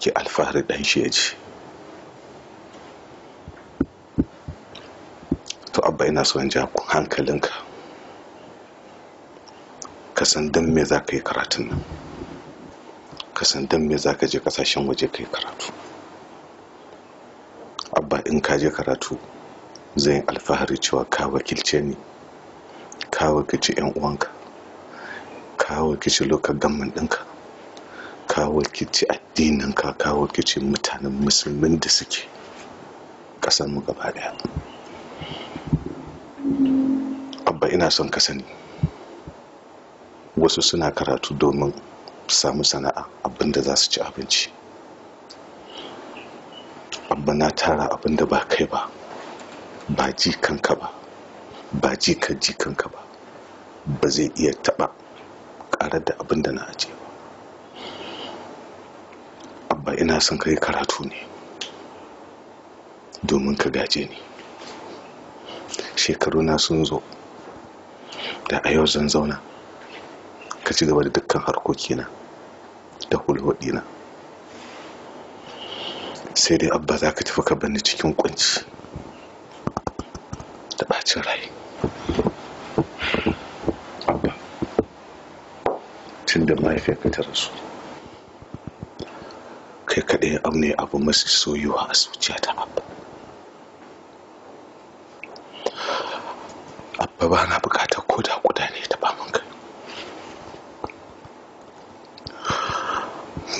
Ki alfahari dan shi ya ci to abba ina so in ja hankalinka ka san don me za ka yi karatun nan ka san don me za ka je kasashen waje ka yi karatu abba in ka je karatu zai alfahari cewa ka wakilce ni ka wakilce 'yan uwanka ka wakilce lokacin gamman ɗinka ka wakilci addinin ka ka wakilci mutanen musulmin da suke kasar mu gaba ɗaya abba ina son ka sani wasu suna karatu domin samu sana'a abinda za su ci abinci abba na tara abinda ba kai ba ba ji kanka ba ba ji ka ji kanka ba ba zai iya taɓa ƙarar da abinda na ajiye abba ina son kai karatu ne domin ka gaje ni shekaru na sun zo da a yau zan zauna ka ci gaba da dukkan harkoki na da na. sai dai abba za ka tafi ka bani cikin kunci da ɓacin rai abba tun da mahaifiyarka ta rasu kai kaɗai abu ne abu masu soyuwa a zuciyata abba abba ba na bukatar koda guda ne ta bamin kai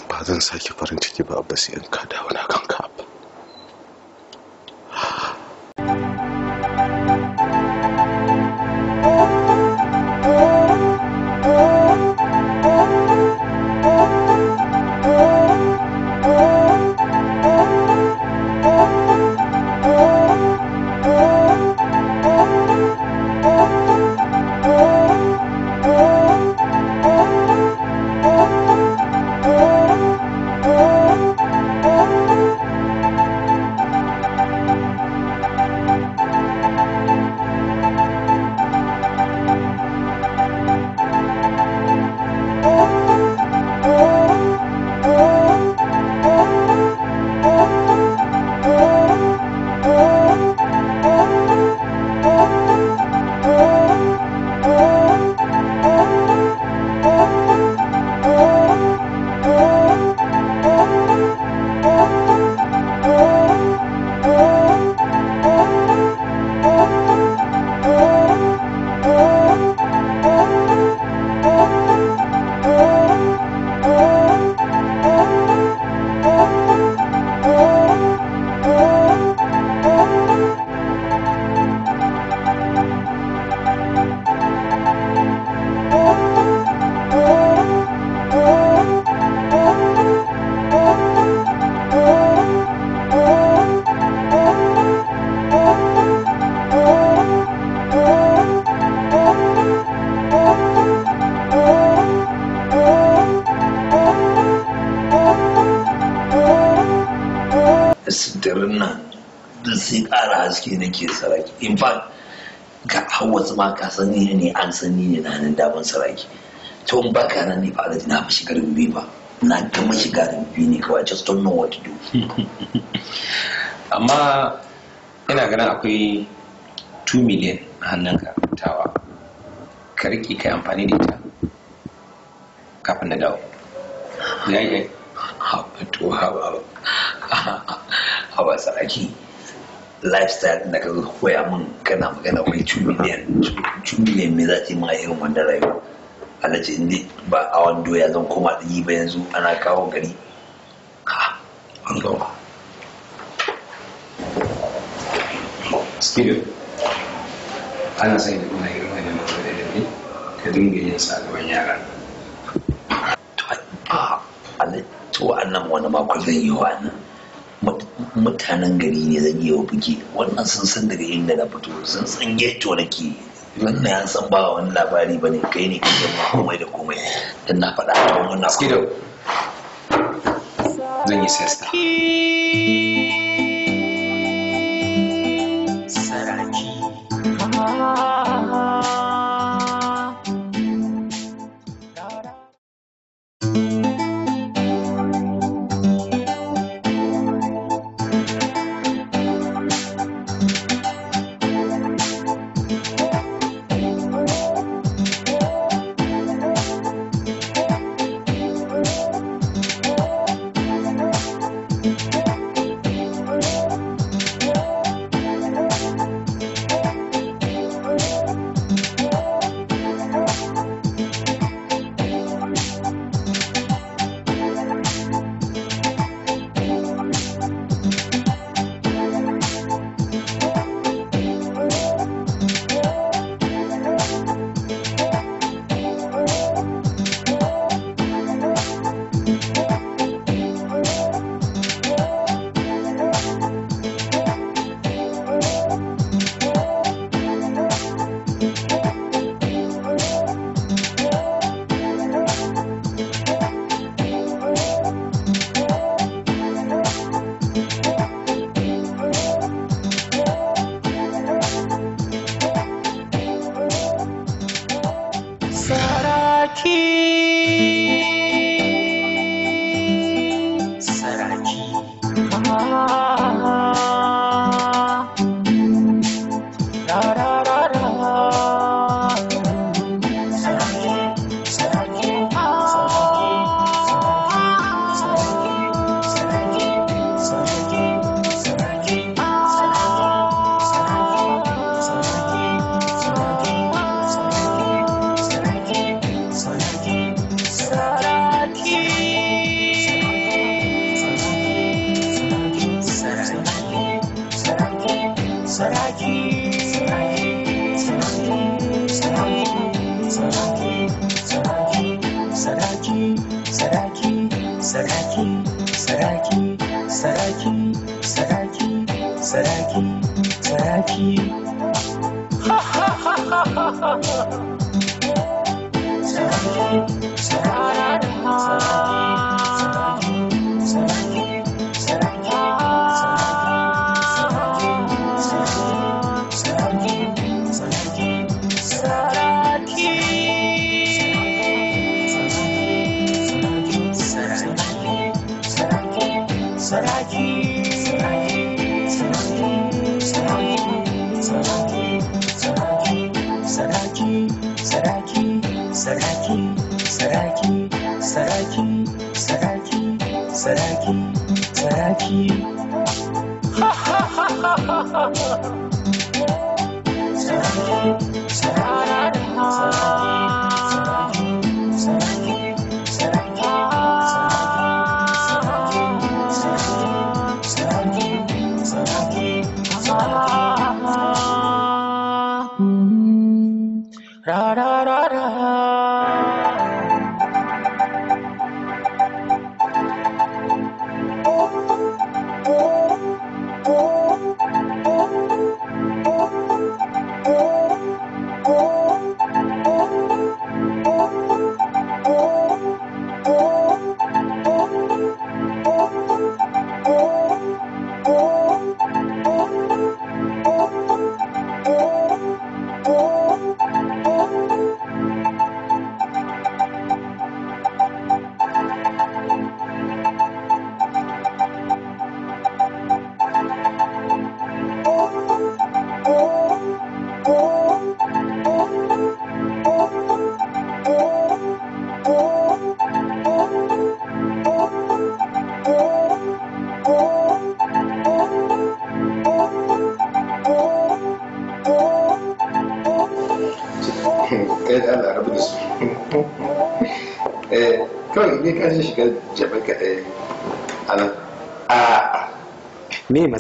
ba zan sake farin ciki ba abba sai in ka dawo na kanka sai ƙara haske nake saraki in fact ga hau ma ka sani ne an sani ne na nan daban saraki to in baka nan ne fa na fi shigar rubi ba na gama shiga rubi ne kawai just don't know what to do amma ina ganin akwai 2 million a ka tawa ka riƙe ka amfani da ita kafin na dawo ya yi haɓa to haɓa haɓa saraki lifestyle da ka koya min kana magana wai cumiliyan cumiliyan me za ta yi ma irin wannan rayuwa alaji inda ba a wando ya zan koma yi ba yanzu ana kawo gari ha an gawa skill ana sai da kuma irin wannan da ne ka dinga yin sa gaban yara to a alaji to wa'annan wani makon zan yi nan mutanen gari ne zan yi wa buge wannan sun san daga inda na fito sun san ghetto nake wannan ya san ba wani labari ba ne kai ne kake yamma komai da komai don na faɗa ta wannan skido zan yi sesta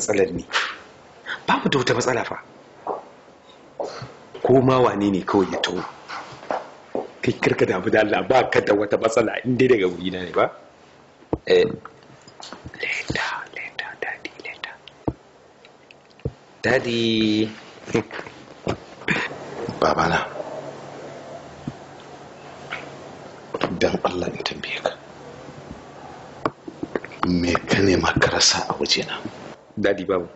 matsalar ne ba mu da wata matsala fa ko ma wane ne kawai ya taho kai karka damu da Allah ba ka da wata matsala in dai daga wuri na ne ba eh. leta leta dadi leta dadi babana dan Allah in tambaye ka me ka nema ka rasa a wajena na dadi babu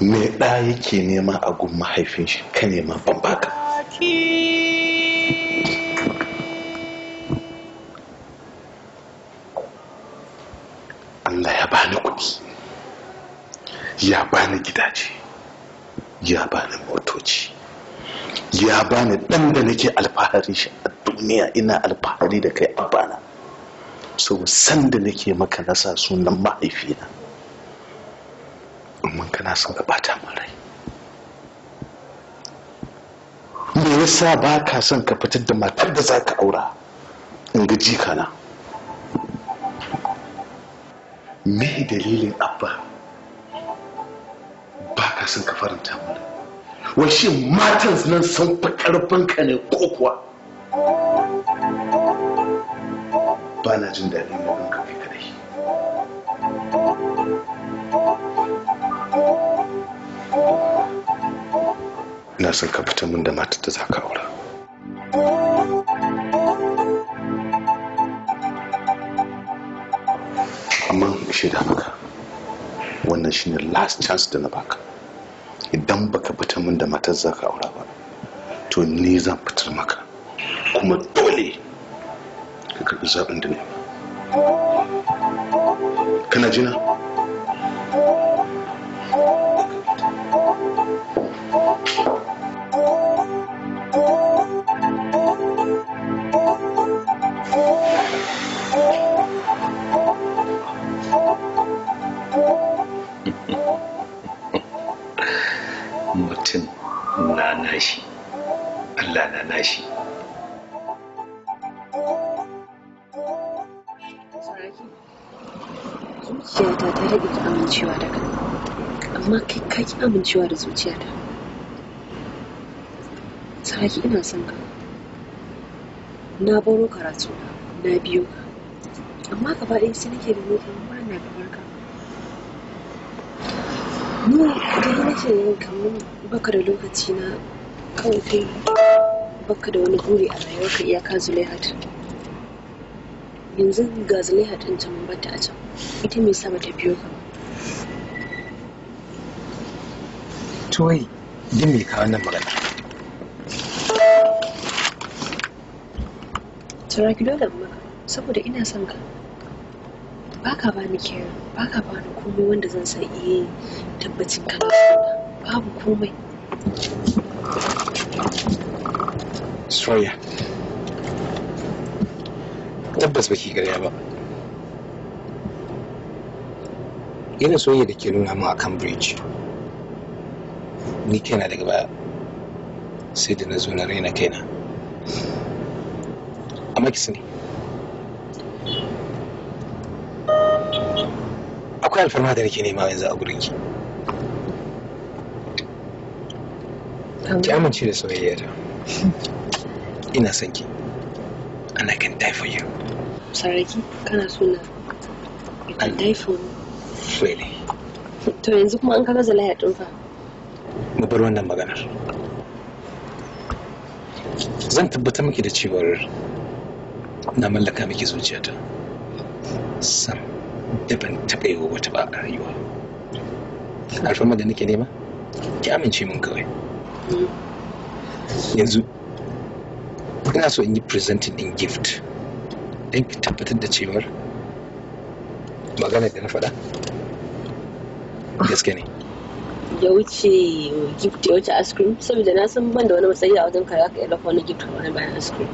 me ɗa yake nema a gun mahaifin shi ka nema ban baka Allah ya bani kuɗi ya bani gidaje ya bani motoci ya bani ɗan da nake alfahari shi a duniya ina alfahari da kai abana so sanda nake maka nasa sunan mahaifina min rai me yasa ba ka son ka fitar da matar da za ka aura in ga jikana me dalilin abba ba ka son ka faranta mana wai shi matan nan sun fi karfin ka ne ko kuwa ba na jin daɗin ina son ka fita min da matar da za ka aura amma shaida maka wannan shine last chance da na baka idan baka fita min da matar za ka aura ba to ni zan fitar maka kuma dole ka karbi zaɓin da ne kana jina? Allah na nashi zuciyata ta daɗe ta amincewa da kan, amma kai ka ki amincewa da zuciyata saraki ina son ka na baro karatu na biyo ka amma gaba ɗaya sai nake da nake ba na kamar ka ni yi nake yin kamar baka da lokaci na kawai kai baka da wani buri a rayuwarka iyaka zulaihat yanzu ga zulaihat ɗin can bata a can ita me yasa bata biyo ka to wai din me ka wannan magana tura ki dole maka saboda ina son ka baka ba ni kyau baka ba ni komai wanda zan sa iya eh, tabbacin kana babu komai soya tabbas baki karya ba irin soya da ke nuna min a cambridge ni kaina daga baya sai da na zo na raina kai kaina amma ki sani akwai alfarma da nake nema yanzu a gurin ki ki amince da soyayya ta ina son ki and I can die for you. Saraki kana so na you can die for me. Really? To yanzu kuma an kaga lahiya din fa. Mu bar wannan maganar. Zan tabbatar miki da cewar na mallaka miki zuciyata. Sam da ban taɓa yi wa wata ba a rayuwa. Alfarma da nake nema? Ki amince min kawai. Mm. Yanzu ina so in yi presenting in gift don tabbatar da cewar magana da na faɗa gaske ne ya wuce gift ya wuce ice cream saboda na san ban da wani matsayi a wajen kare aka ka iya wani gift wani bayan ice cream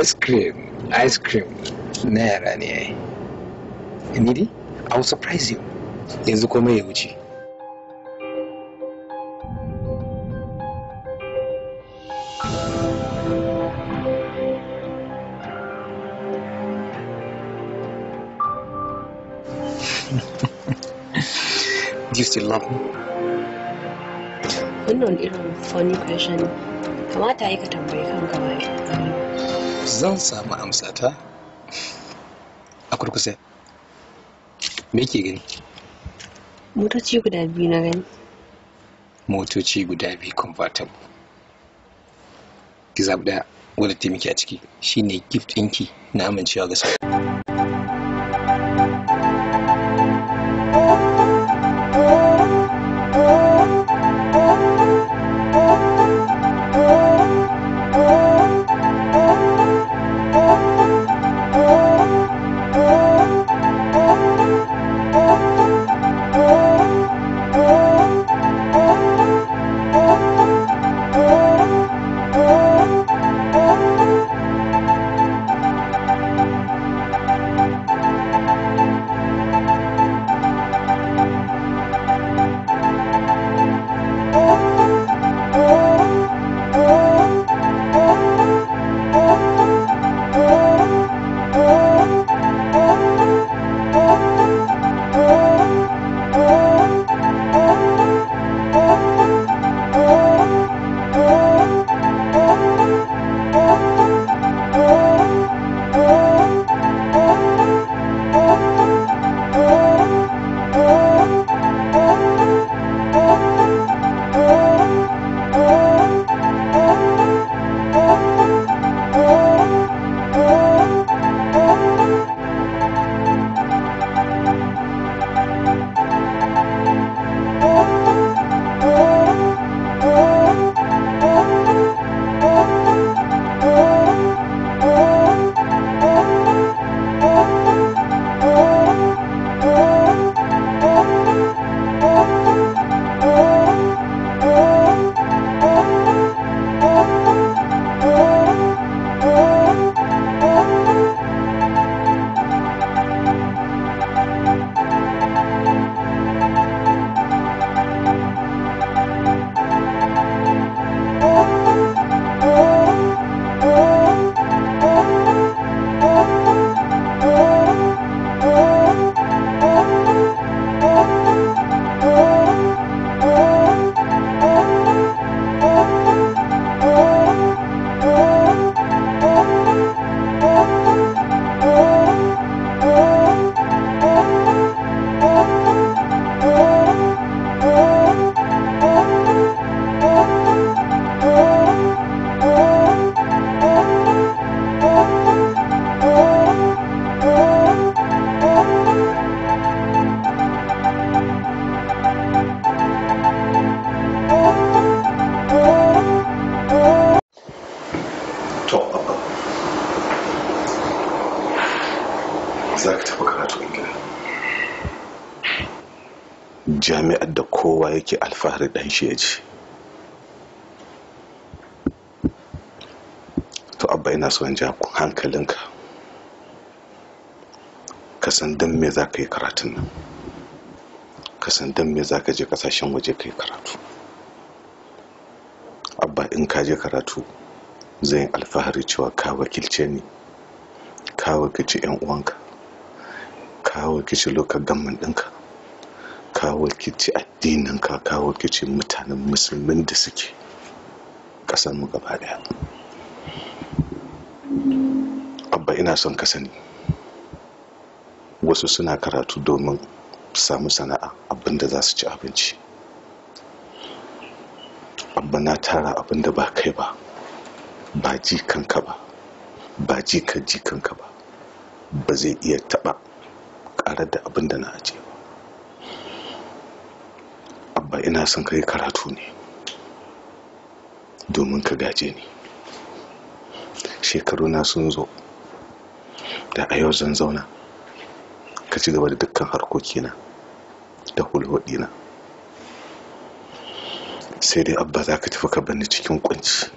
ice cream ice cream na yara ne ya yi ni dai i will surprise you yanzu komai ya wuce Do you still love me? Wannan irin funny question kamata yi ka tambayi kanka ba Zan samu ta. a kurkusa. Me ke gani? Motoci guda biyu na gani. Motoci guda biyu convertible. Ki zaɓi ɗaya wadda ta miki a ciki shine gift ɗinki na amincewa ga sauran. jami'ar da kowa yake alfahari dan shi ya ce to abba ina so in ja hankalinka ka san dan me za ka yi karatun nan ka san dan me za ka je kasashen waje ka yi karatu abba in ka je karatu zai alfahari cewa ka wakilce ni ka wakilce 'yan uwanka ka wakilce lokacin gamman ɗinka ka wakilci addinin ka ka wakilci mutanen musulmin da suke kasan mu gaba daya abba ina son ka sani wasu suna karatu domin samu sana'a abinda za su ci abinci abba na tara abinda ba kai ba ba ji kanka ba ba ji ka ji kanka ba ba zai iya taba ƙarar da abinda na ajiye abba ina son kai karatu ne domin ka gaje ni shekaru na sun zo da a yau zan zauna ka ci gaba da dukkan harkokina da na. sai dai abba za ka tafi ka bani cikin kunci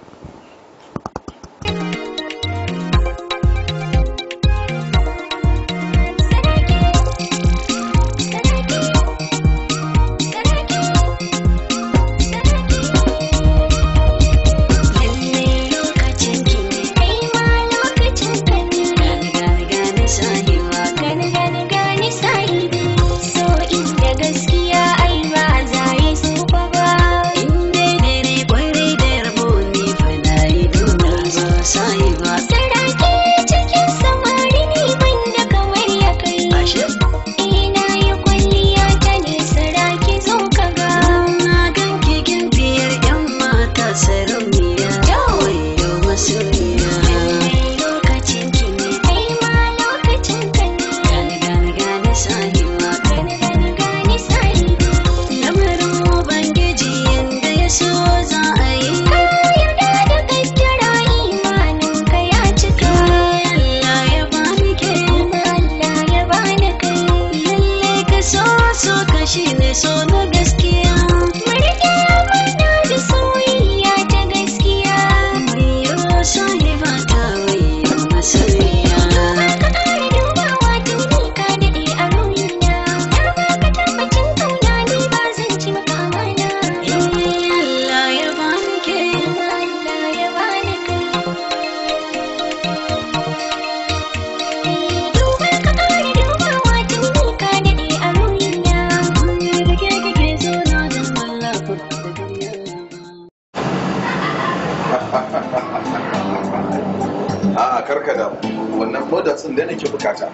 da nake bukata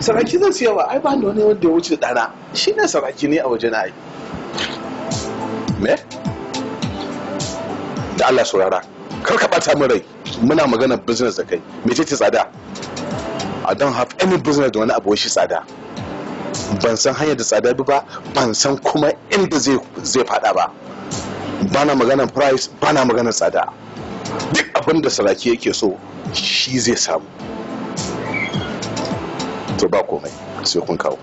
saraki zan siya wa ai ba da wani wanda ya wuce dana shi ne saraki ne a waje na ai me da Allah saurara kar ka bata min rai muna magana business da kai me ce tsada i don't have any business da wani abu shi tsada ban san hanyar da tsada bi ba ban san kuma inda zai zai fada ba bana maganar price bana maganar tsada duk abin da saraki yake so shi zai samu to ba komai sai kun kawo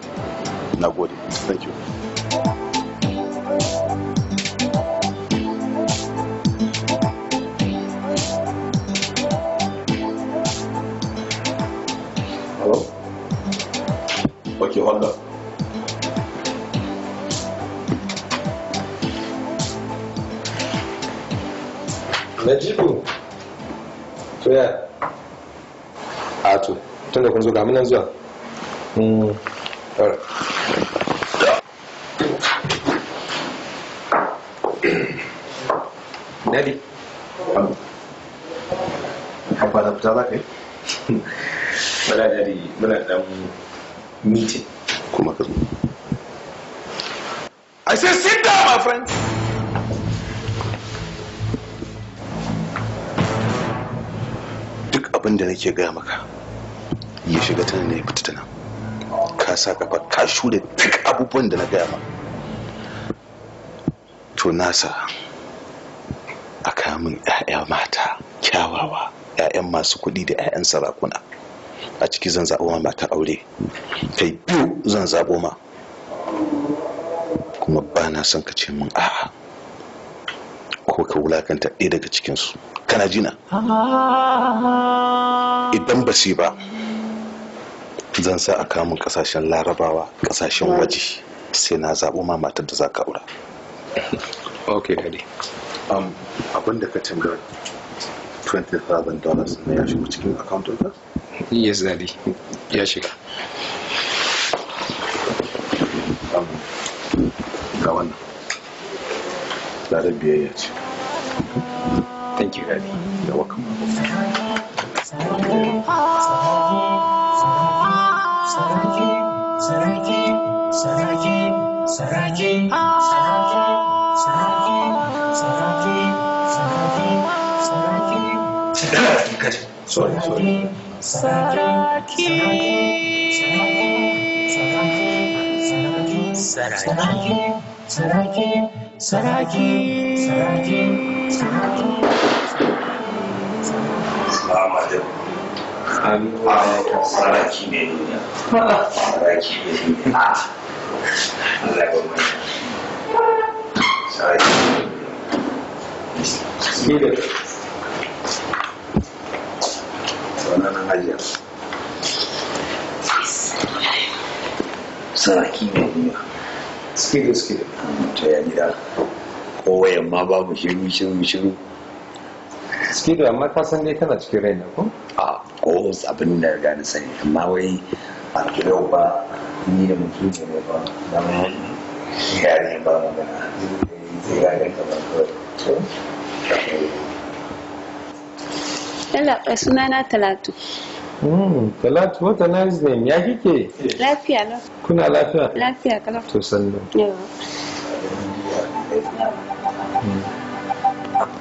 na gode thank you hello okay hold Najibu. to ya a tun da kun zo da fita za ka yi? Muna nadi meeting. Kuma ka I say sit down my friend. abin da nake gaya maka ya shiga ta ne fita ta nan ka sa kafa ka shuda duk abubuwan da na gaya ma to nasa a kamun 'ya'ya mata kyawawa 'ya'yan masu kuɗi da 'ya'yan sarakuna a ciki zan zaɓo ma mata aure kai biyu zan zaɓo ma kuma ba na son ka ce min a'a ko ka wulakanta ɗaya daga cikinsu kana jina idan ba shi ba zan sa a kamun kasashen larabawa kasashen waje sai na zaɓo ma matar da za ka aura ok daddy um, abin da ka canza $20,000 na ya shigo cikin account ɗinka? yes daddy ya shiga um, ga wannan ladar biyayya ce Thank you, Eddie. You're welcome. sorry, sorry. Saraki. Saraki. Saraki. Será que. Será que. Será que. Amado. Amado. Será que Será que menina? Ah! Leva amanhã. Será que. Mira. Sonando Maria. Será que menina? suke da suke ta ya gida ko yamma babu shiru shiru shiru suke da amma ka san dai tana cikin raina ko a ko abin da riga na sani amma wai a kira ba ni da mutum ne ba da mun ya ne ba magana zai ga da kamar kawai Allah sunana Talatu. Talatu wata na ne ya kike? Lafiya lau. Kuna lafiya? Lafiya kalau. To sannu. Yawa.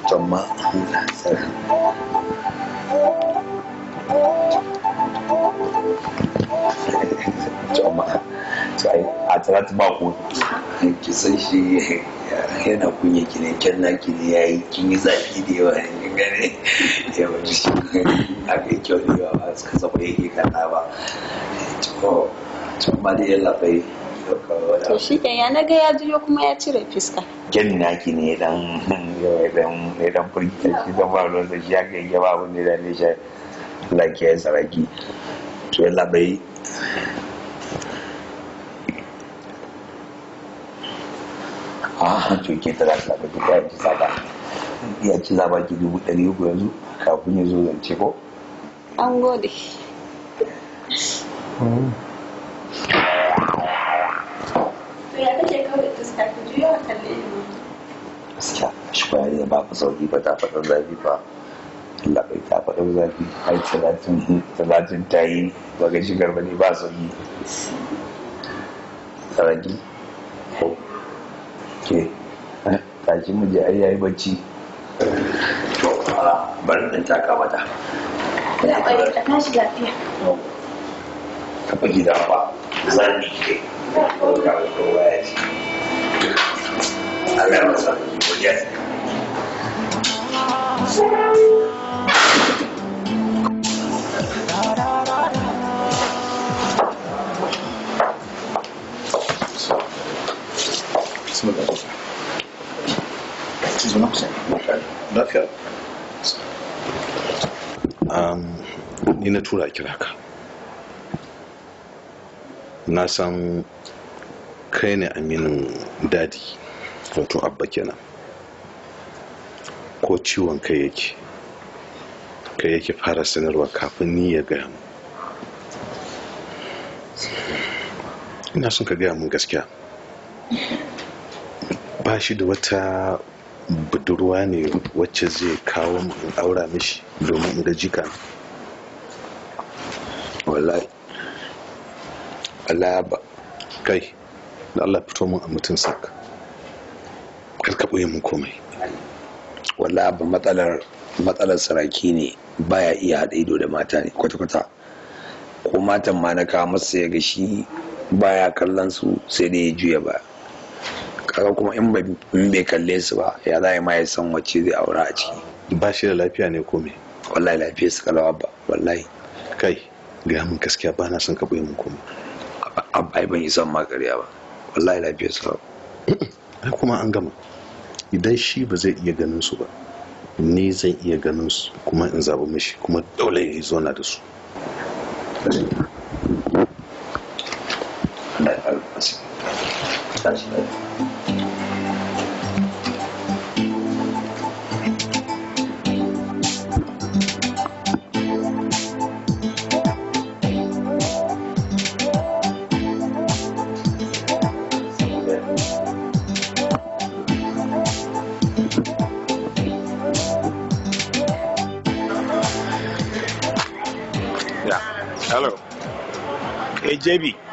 Tamma Allah a tarat ba ku ki san shi yana kunya ki ne kyan ya yi kin yi zafi da yawa gane ya wani shi a kai kyau da yawa ba suka saba yake kata ba to ba da yalla to shi ke ya naga ya juyo kuma ya cire fiska kyan naki ne dan dan dan furgita shi zan ba ruwan da shi ya kai ya ba wani da ne shi Allah kiyaye saraki to yalla bai a to ke tara ta da duka ya ci zaba ya ci zaba ki dubu ɗari uku yanzu kafin ya zo zance ko an gode gaskiya shi kwayar ba ku sauki ba ta faɗin zafi ba Allah bai ta faɗo zafi ai talatin talatin ta yi ba ga shigar ba ne ba su yi tsaraki ke tashi mu je ai yayi bacci to bari in taka mata ya bai ta tashi lafiya ka fi gida ba zan ni ke ka kowa ya ci Allah ya masa wajen Thank you. بسم ni na tura kira ka na san kai ne aminin dadi wato abba kenan ko ciwon kai yake kai yake fara sanarwa kafin ni ya gaya mu ina son ka gaya mun gaskiya ba shi da wata budurwa ne wacce zai kawo in aura mishi domin in ga jika wallahi Allah ba kai da Allah fito mun a mutum sak kar ka ɓoye komai wallahi ba matsalar matsalar saraki ne baya iya haɗa ido da mata ne kwata-kwata ko matan ma na kawo masa ya gashi shi baya kallon su sai dai ya juya ba kaga kuma in ba in bai kalle su ba ya za ma ya san wacce zai aura a ciki ba shi da lafiya ne komai. wallahi lafiya su kalawa ba wallahi kai ga mun gaskiya ba na son ka bai mun komai abba ban yi son makariya ba wallahi lafiya su ai kuma an gama idan shi ba zai iya ganin su ba ni zan iya ganin su kuma in zabi mishi kuma dole ya zauna da su Thank you. Yeah. Hello. Hey, JB.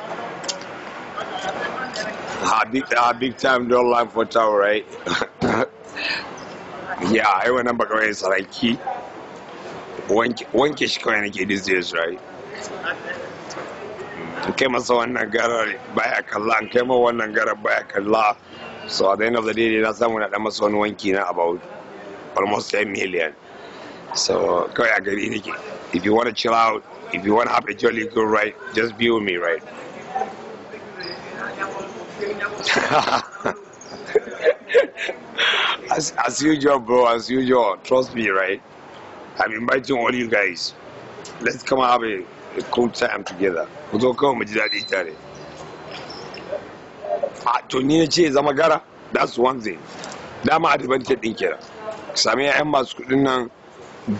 a big, a big time don't line for tower, right? yeah, I remember going to like key. One, one kish coin these days, right? Mm. Came as one and kai masa wannan garar baya kalla one and got a back a lot. so at the end of the day na someone na dan one wani wanki about almost 10 million so kawai a gari if you want to chill out if you want to have a jolly good ride just be with me right as, as usual, bro, as usual. Trust me, right? I'm inviting all you guys. Let's come have a, a cool time together. Ku zo kawai mu ji daɗi tare. A to ni na ce zama gara? That's one thing. Dama advantage ɗin kenan. Sami 'ya'yan masu kuɗin nan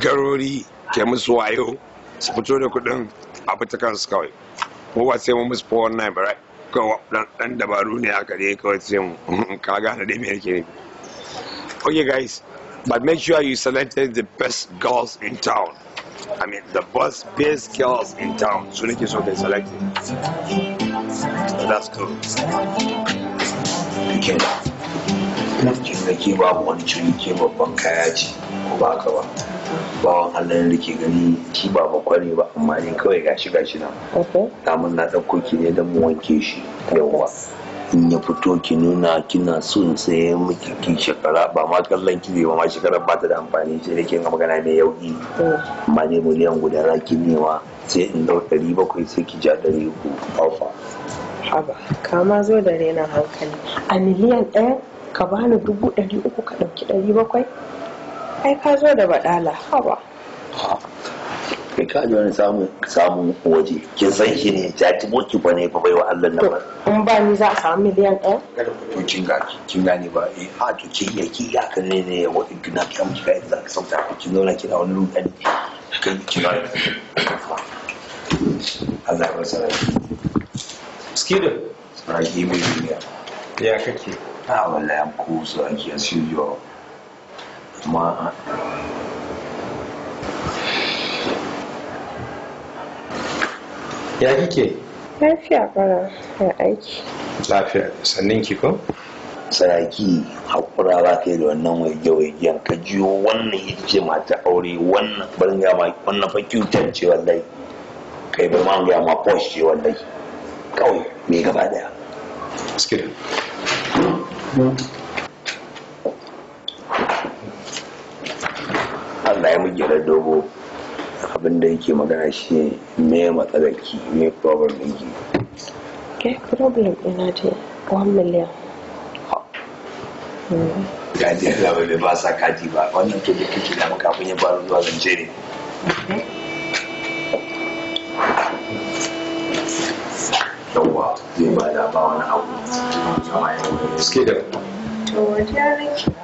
garori ke musu wayo su fito da kuɗin a fita kansu kawai. Ko ba sai mun musu 419 ba, right? kawai dan dabaru ne aka dai kawai sai dai yake ne okay guys but make sure you selected the best girls in town I mean the best best girls in town so nake so they select. so that's cool kike da nan kin nake babu wani ciniki babban kaya ce ko ba haka ba bawan Allah da ke gani shi ba ba kware ba amma ne kawai gashi gashi nan namun na ɗauko ne don mu wanke shi yawwa in ya fito ki nuna kina son sai miki ki shekara ba ma kallon ki ba ma shekara ba ta da amfani sai dake ga magana mai yauki mm. amma ne miliyan guda za ki nema sai in dau ɗari bakwai sai ki ja ɗari uku alfa. haba kama zo da rena hankali a miliyan ɗaya ka bani dubu ɗari uku ka ɗauki ɗari bakwai ai ka zo da badala haba kai ka ji wani samun samun waje kin san shi ne jaji boki ba ne ba bai wa Allah nan ba in ba ni za a samu miliyan ɗaya kada ku to kin ga kin gane ba eh a to kin yaki ya kan ne ne wa igna ki am ki ga za ka sauta ku kin zauna kina wani rudani kan ki ga Allah ya masa rai skido rai mai eh, duniya ya kake a wallahi an ku so an ki asiyo ما ya kike lafiya fara ya aiki lafiya sannin ki ko saraki hakura ba kai da wannan waje-wajen ka jiyo wannan ita ce mata aure wannan barin ga ma wannan fa kyutar ce wallahi kai bar ma ga ma posh ce wallahi kawai me gaba daya Allah ya muke da dogo abin da yake magana shi ne me matsalar ki me problem din ki ke problem ɗina ce 1 ya kaji Allah bai ba sa kaji ba wannan ke da kake da muka kun ya ba zuwa zance ne yawwa zai ba da ba wani abu suke da to wajen nake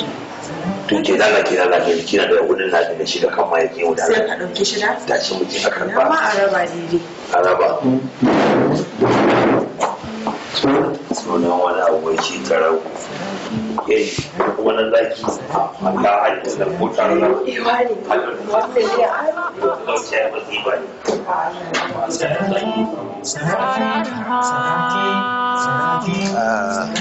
to ke dala ke dala ke kina da gudun lafi da shi da kan ma yake mu da sai ka dauke shi da tashi mu je a karba amma a raba dide a raba sunan wani abu ke tarau yayi zaki da mota na ah.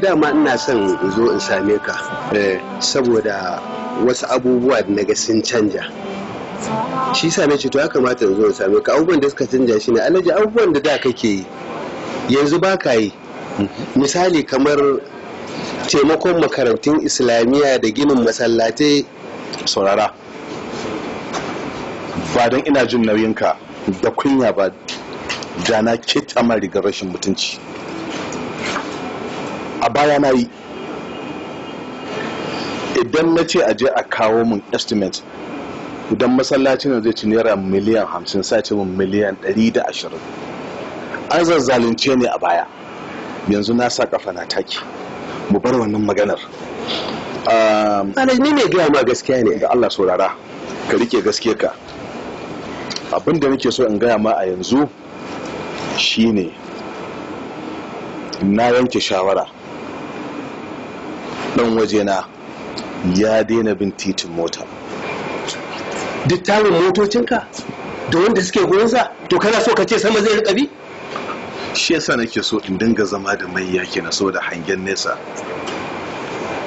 dama ina son in zo in same ka eh, saboda wasu abubuwa da naga sun canja shi same na ce to ya kamata in zo in same ka abubuwan da suka canja shi ne alaji abubuwan da da kake yi yanzu ba ka yi misali kamar taimakon makarantun islamiyya da ginin masallatai saurara ba don ina jin nauyinka da kunya ba da na ke man rigar rashin mutunci a baya na yi idan na ce aje a kawo mun estimate idan masallacin zai ci naira miliyan 50 sa ce mun miliyan 120 an zazzalince ne a baya yanzu na sa kafa na taki mu bar wannan maganar ni ne gaya ma gaskiya ne da Allah saurara ka rike gaskiya ka abin da nake so in gaya ma a yanzu shine na yanke shawara dan wajena ya daina bin titin mota duk tarin motocinka da wanda suke goza to kana so ka ce sama zai riƙa bi shi yasa nake so in dinga zama da mai yake na saboda hangen nesa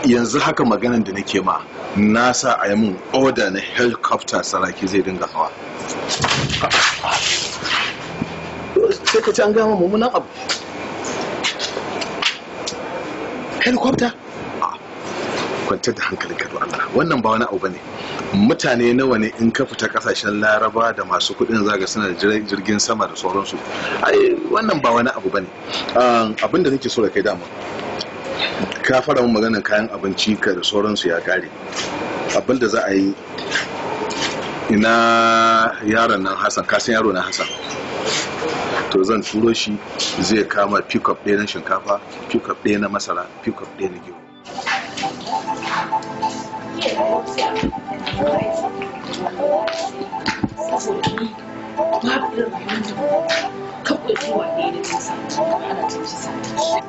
yanzu haka maganan da nake ma na sa a yi mun oda na helicopter saraki zai dinga hawa sai ka ci an gama mummunan abu helicopter kwantar da hankalin ka Allah wannan ba wani abu bane mutane nawa ne in ka fita kasashen laraba da masu kuɗin zaga suna da jirgin sama da sauransu ai wannan ba wani abu bane abinda nake so da kai dama ka fara mun maganar kayan abinci ka da sauransu ya kare abin da za a yi ina yaron nan hassan kasan yaro na hassan to zan turo shi zai kama pickup ɗaya na shinkafa pickup ɗaya na masara pickup ɗaya na gero se divorcia en el país.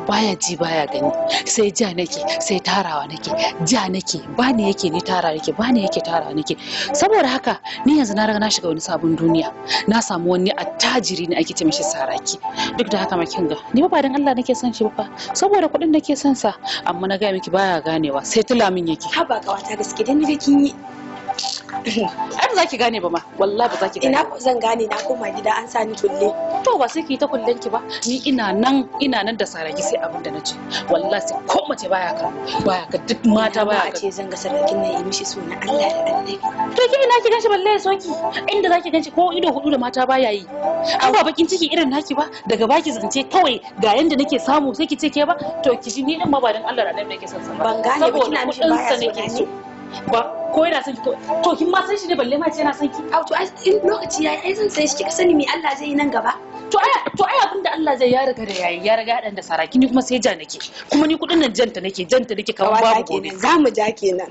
baya ji baya gani sai ja nake sai tarawa nake ja nake ba ne yake ni tara nake ba ne yake tara nake saboda haka ni yanzu na riga na shiga wani sabon duniya na samu wani attajiri ne ake ce mishi saraki duk da haka makin ga ni ba dan Allah nake son shi ba saboda kuɗin ke son sa amma na ga miki baya ganewa sai tula min yake haba wata gaske dan ni da kin yi ai ba za ki gane ba ma wallahi ba za ki gane ina zan gane na koma gida an sani kulle to ba sai ki ta kullen ki ba ni ina nan ina nan da saraki sai abin da na ce wallahi sai ko mace baya ka baya ka duk mata baya ka ce zan ga sarakin nan yi mishi suna Allah da annabi to ki ina ki gashi balle soki inda zaki ganci ko ido hudu da mata baya yi an ba bakin ciki irin naki ba daga baki zance kawai ga yanda nake samu sai ki ce ke ba to ki ji ni din ma ba dan Allah da annabi nake son sa ba ban gane ba kina mishi baya so ba ko yana son ki to kin ma san shi ne balle ma ce yana son ki a to in lokaci yayi ai zan san shi kika sani me Allah zai yi nan gaba to aya to ai abinda Allah zai ya riga da yayi ya riga dan da saraki ni kuma sai ja nake kuma ni kudin nan janta nake janta nake kaman babu gobe za mu ja kenan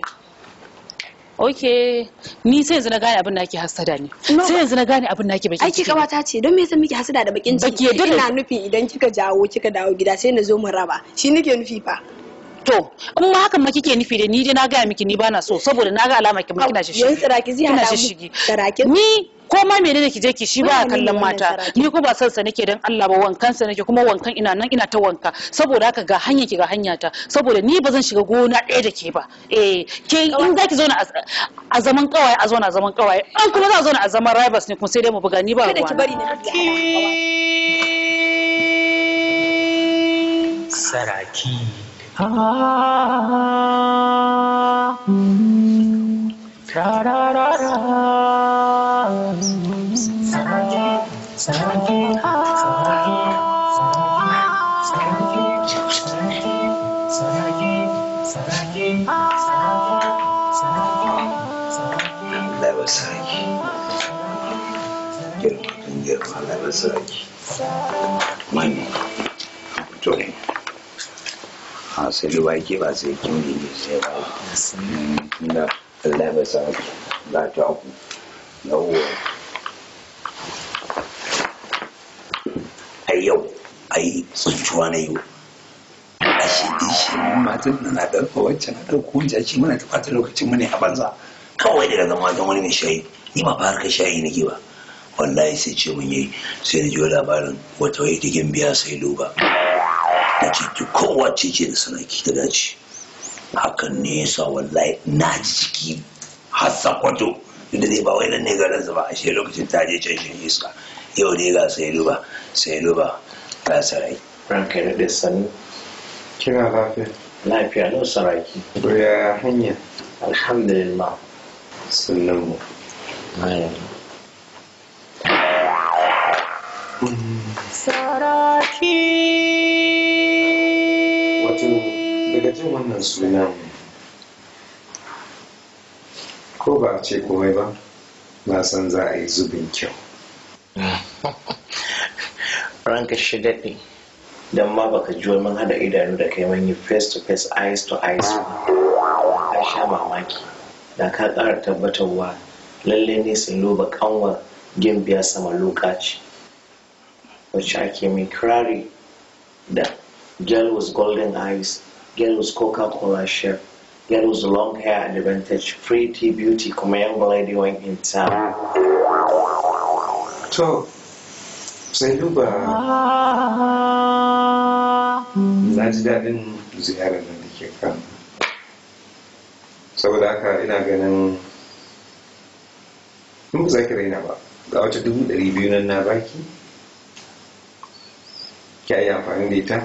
Okay, ni sai yanzu na gane abin da ake hasada ne sai yanzu na gane abin da ake bakin ciki aiki ta ce don me yasa miki hasada da bakin ciki ina nufi idan kika jawo kika dawo gida sai na zo mu raba shi nake nufi fa to in ma hakan ma kike nufi da ni dai na gaya miki ni bana so saboda na ga alama ki kina shi shi. Kina shi shi. ni ko ma menene ki je ki shi ba kallon mata ni ko ba san sa nake dan Allah ba wankan sa nake kuma wankan ina nan ina ta wanka saboda haka ga hanya ki ga hanya ta saboda ni ba zan shiga gona ɗaya da ke ba eh ke in za ki zauna a zaman kawai a zauna a zaman kawai an kuma za a zauna a zaman rivals ne kuma sai dai mu buga ni ba ruwa kada ki bari saraki Never say. da da da da. Sanki, Sanki, Sanki. Girma, girma, Join. hasil wake ba sai kin yi sai ba na Allah ya sa ba ta ku yawa a yau ai tsuntuwa na yau a shi shi matan nan na ɗauka wacce na ɗauka wacce shi muna ta ɓata lokacin mu ne a banza kawai daga zama wajen wani mai shayi ni ba harkar shayi nake ba wallahi sai ce mun yi sai na ji labarin wata wai ta gimbiya sai luba ta kowa ce ce da sanaki ta dace hakan ne sa wallahi na jiki har sakwato inda zai ba wai nan ne garin ba a shi lokacin ta je can shin iska yau ne ga sai luba sai luba ta sarai ranka ya daɗe sani kina lafiya lafiya lau saraki ya hanya alhamdulillah sunan mu mm. daga jin wannan sunan ko ba a ce komai ba na san za a yi zubin kyau ranka shi daɗi don ma baka ji man hada idanu da kai manyan face to face eyes to eyes ah. a sha mamaki da ka ƙara tabbatarwa lalle ne sun loba kanwar gimbiya sama lokaci wacce ake mai kirari da Girl with golden eyes, girl with Coca-Cola shirt, girl with long hair and advantage, pretty beauty kuma yan lady, wani in town. So, say duba uh, ah. na ji daɗin ziyarar nan da ke kan. Saboda haka ina ganin in ba za ki raina ba, ga wata dubu ɗari biyu nan na baki, ki yi amfani da ita.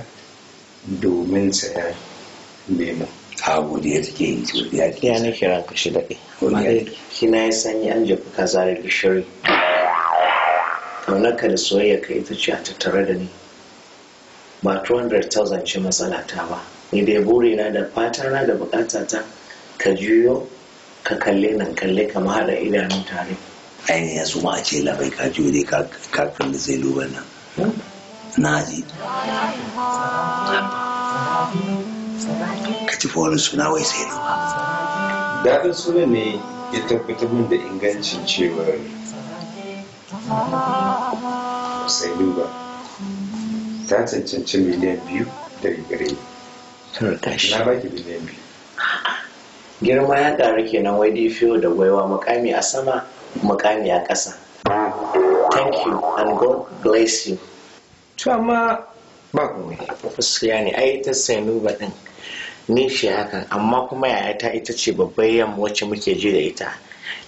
domin neman abu da ya take yi su take ke ne kiran ka shi daɗe kina ya sanyi an jafi kaza da gishiri ka da soyayya ka ita ce a tattare da ni ba 200,000 ce matsala ta ba ni dai burina da fatana da bukata ta ka juyo ka kalle nan kalle ka haɗa idanun tare ainihin ya zuma a ce labai ka juyo dai ka kalli zai lura nan hmm? nazi ka ci wani suna wai sai na daɗin suna ne ya tabbatar min da ingancin cewar sai duba ta cancanci miliyan biyu da gare na baki miliyan biyu girma ya ƙaru kenan wai fiyo da gwaiwa mukami a sama mukami a ƙasa thank you and god bless you to amma ba komai fuskiya ne ai ta sanu ba din ni shi hakan amma kuma yaya ta ita ce babbar yamma wacce muke ji da ita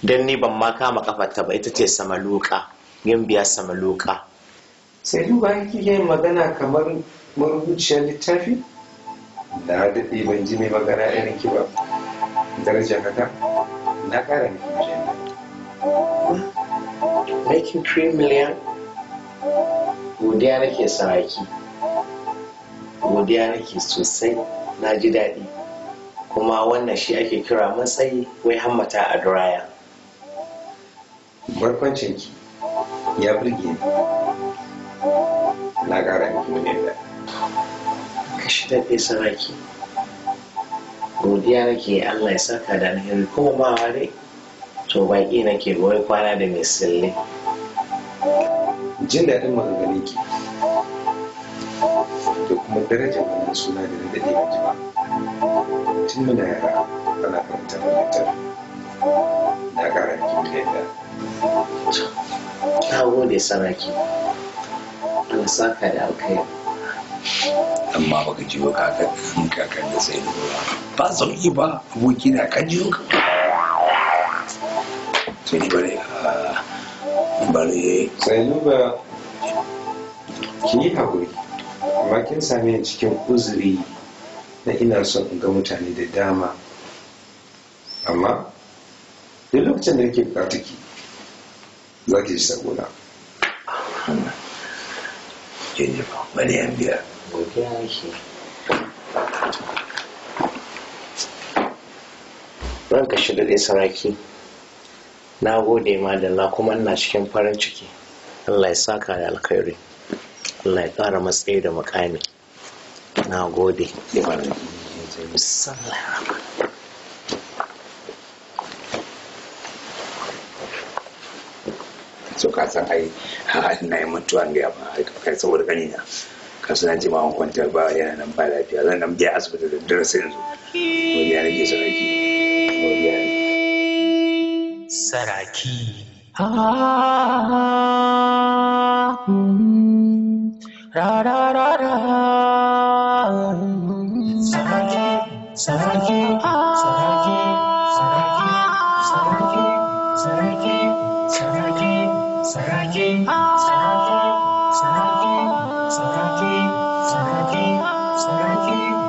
dan ni ban ma kama kafarta ba ita ce samaluka yin biya samaluka sai duba kike yin magana kamar marubuciyar littafi da daɗe ban ji mai magana irin ki ba daraja haka na ƙara miki miliyan. Making 3 million godiya nake saraki godiya nake sosai na ji daɗi kuma wannan shi ake kira matsayi wai hammata a duraya barkwancinki ya burge ni na ƙara miki miliyan da kashi ta fi saraki godiya nake allah ya saka da alheri kuma ma ware to baƙi nake wai kwana da mai sille jin daɗin maganganun ki da kuma darajar wannan suna da nan daɗe na ji ba tun muna yara ana karanta da mutum na ƙara kai yadda ta gode saraki an saka da alkai amma baka jiyo kakan kakan da sai ba sauki ba abokina ka jiyo kakan ba ni bare bari zainuba ki yi haƙuri amma kin same cikin uzuri na ina son in ga mutane da dama amma duk lokacin da nake bukata ki za ki ji sabona jennifer bari yan biya ranka shi da saraki na gode ma Allah kuma ina cikin farin ciki allah ya saka da alkhairi allah ya ƙara matsayi da makami na gode so ka san ai na yi mutuwa ne yaba kai saboda gani na ka suna ji ma kwantar ba yana nan ba lafiya zan nan biya asibiti da dare sai yanzu wani ya rage sarki wani ya saraki ah, saraki saraki saraki saraki saraki saraki saraki saraki saraki saraki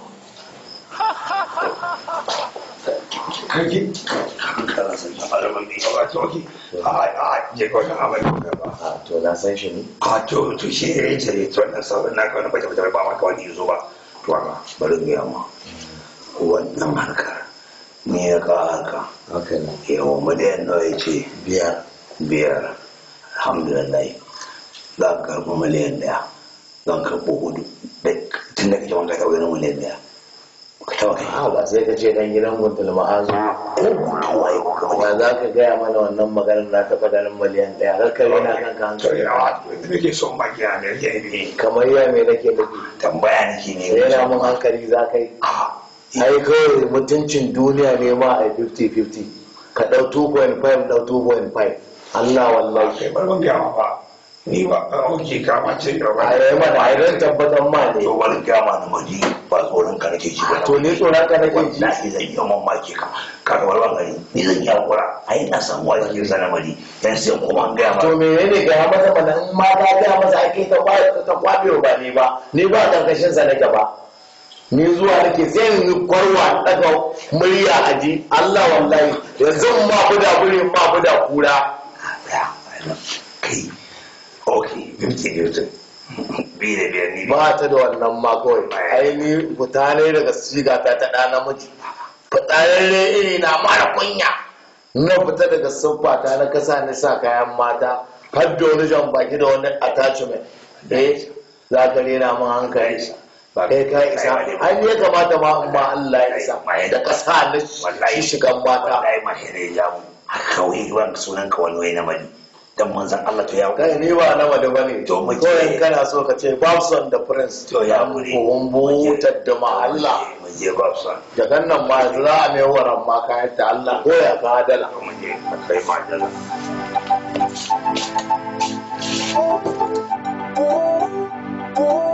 kake kana ta shi malamin ne ba to ki a a je ko kana ba a to na san shi ne a to to shi ne yace ne to na sabon na kawai ba ta ba ma kawai ne zo ba to amma bari mu yamma wannan harkar ne ya ka harka haka ne yawa miliyan nawa yace biyar biyar alhamdulillah za ka karɓi miliyan ɗaya zan karɓo hudu tun da kake wanka ta wani miliyan ɗaya kawai sai ka ce dan gidan guntul ma'azu ya za ka gaya mana wannan maganar na taɓa ganin miliyan ɗaya karkare kan ka hankali nake son ne kamar ya mai nake nufi tambaya nake ne na mun hankali za ka yi ai kawai mutuncin duniya ne ma a 50-50 ka ɗau 2.5 ɗau 2.5 Allah wallahi kai bar ban gaya ni ba oke kama ce gaba a yi mana a yi tabbatar ma ne to wani gama na maji ba tsoron ka nake ji ba to ne tsoron ka nake ji na zan yi man maki kama ka ga wani gari ni zan yi hakura a yi na samu wani zan yi sana yan dan sai kuma an gaya ma to me ne ne ga masa bana in ma ta gaya masa ake ta kwabe ta kwabe ba ne ba ni ba karkashin sa nake ba ni zuwa nake zan yi kwarwa ɗaga, murya a ji Allah wallahi yanzu ma buda burin ma buda kura kai ok 50 newton bi da biyar ni ba ta da wannan ma kawai Aini, ni ne daga siga ta ta ɗa namiji fitsararre iri na mara kunya na fita daga siffa ta na kasa na sa kayan mata har da wani jan baki da wani attachment eh za ka rena mun hankali kai ka isa an ya kamata ma in ma Allah ya isa da kasa na shigan mata wallahi ma ya mu a kawai ruwan sunan kawai wani na mali dan manzan Allah to ya kai ni ba na wada bane to mu ke kana so ka ce Babson da Prince to ya muri mun butar da Allah. mu je Babson da nan nan ma za a mai waran ma kayan ta Allah ko ya ka hadala mu je kai ma dala Oh, oh, oh. oh.